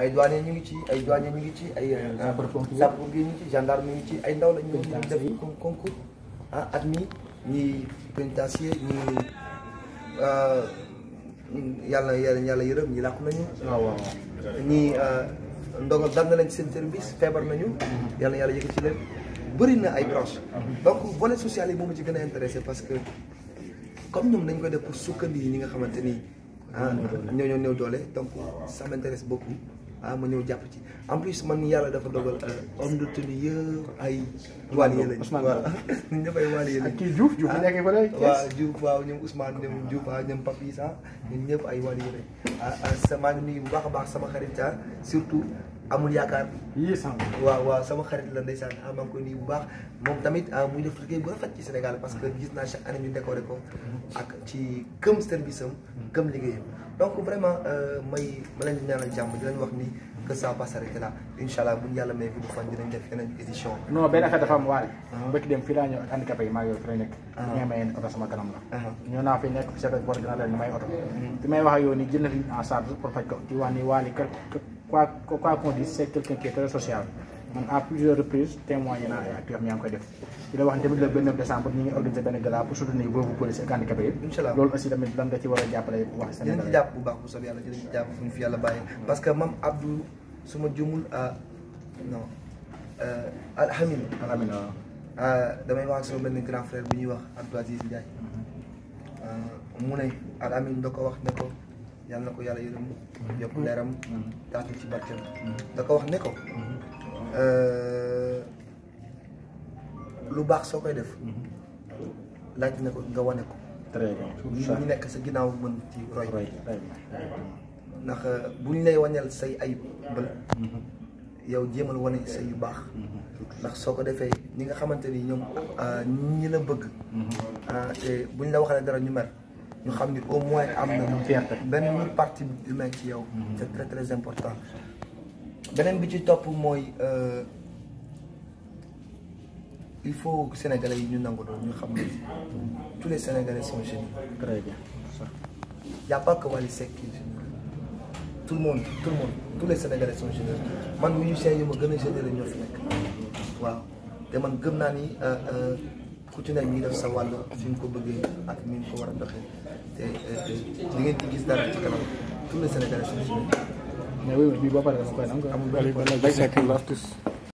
ay douane ñu ngi ci ay douane ñu ngi ci ay sapeurs-pompiers ñu ci gendarme ñu ci ay ndaw la ñu def concours ah admi, mi ñi pénitencier ñi yàlla yàlla yàlla yërëm ñi làkk nañu ñi ndongo dal na lañ seen service feebar nañu yàlla yàlla yëkkati ci leen bëri na ay branche donc volet social yi moom ci gën a intéressé parce que comme ñoom dañ koy def pour sukkandi ñi nga xamante ah ñoo ñoo néew doole donc ça m'intéresse beaucoup ma ñëw jàpp ci en ada man yàlla dafa dogal homme de tenue yëpp ay waliye lañ waaw ñu dafay waliye lañ kii Diouf Diouf Papi Sa ñun ñëpp ay waliye lañ sama ngi nuyu sama surtout amul yaakaar. yii waaw waaw sama xarit la ndeysaan ah maa koy nuyu bu baax moom tamit ah, muy def liggéey bu rafet ci Sénégal parce que gis naa chaque année ñu décoré ko ak ci këm service am. këm liggéeyam donc vraiment euh, may ma leen di ñaanal jàmm di leen wax ni que ça va s'arrêter là incha allah buñ yàlla may fi bu fan a def yeneen ah. fi nekk. Ah. ñu may oto sama kanam la. ñëw naa fi nekk chef de bord dina leen may oto. fi hmm. may wax ak yow nii jël na fi en charge pour faj ko wax ni waali kër quoi quoi qu'on dise c'est quelqu'un qui est très social man a plusieurs reprises témoigné naa ay acteurs yaa ngi koy def di a wax ne tamit le 29 décembre ñu ngi organisé benn gala pour soutenir boobu police ak handicapé yëpp incha allah loolu aussi tamit lan nga ci war a jàppale wax Sénégal dinañ ci jàpp bu baax bu soobee yàlla dinañ ci jàpp fu ñu fi yàlla parce que mam Abdou su ma jumul à ah, non ah, alhamina alhamina ah, damay wax ak sama benn grand frère bu Abdou Aziz Ndiaye mu ne alhamina da ko wax yàlla na ko yàlla yërëm yokk leeram tax ci da ko wax ne ko euh, lu baax soo koy def laaj na ko nga wane ko très ñu nekk sa ginnaaw mën ci roy ndax euh, bu ñu lay waneel say ayib bël mhm. yow jéemal wane say yu baax mhm. ndax soo ko defee ñi nga xamante ni ñoom euh, ñi la bëgg mhm. te buñ la waxalee dara ñu mer Nous xam au moins am na benn partie humaine ci yow mhm. c'est très très important benen bi ci moy euh il faut que sénégalais ñu nangu ñu xam tous les sénégalais sont géniaux. très bien y' a pas que Wally Seck qui est généreux tout le monde tout le monde tous les sénégalais sont généreux man musicien yi un gën généreux ñoo fi nekk waaw te man gëm naa ni. Euh, euh, ku ci ne ñu def sa wàll fi nga ko bëggee ak ni nga ko war a doxee te di ngeen ci gis dara ci kanam tous les Sénégalais sont mais oui oui bii boo paree dama koy naan amul benn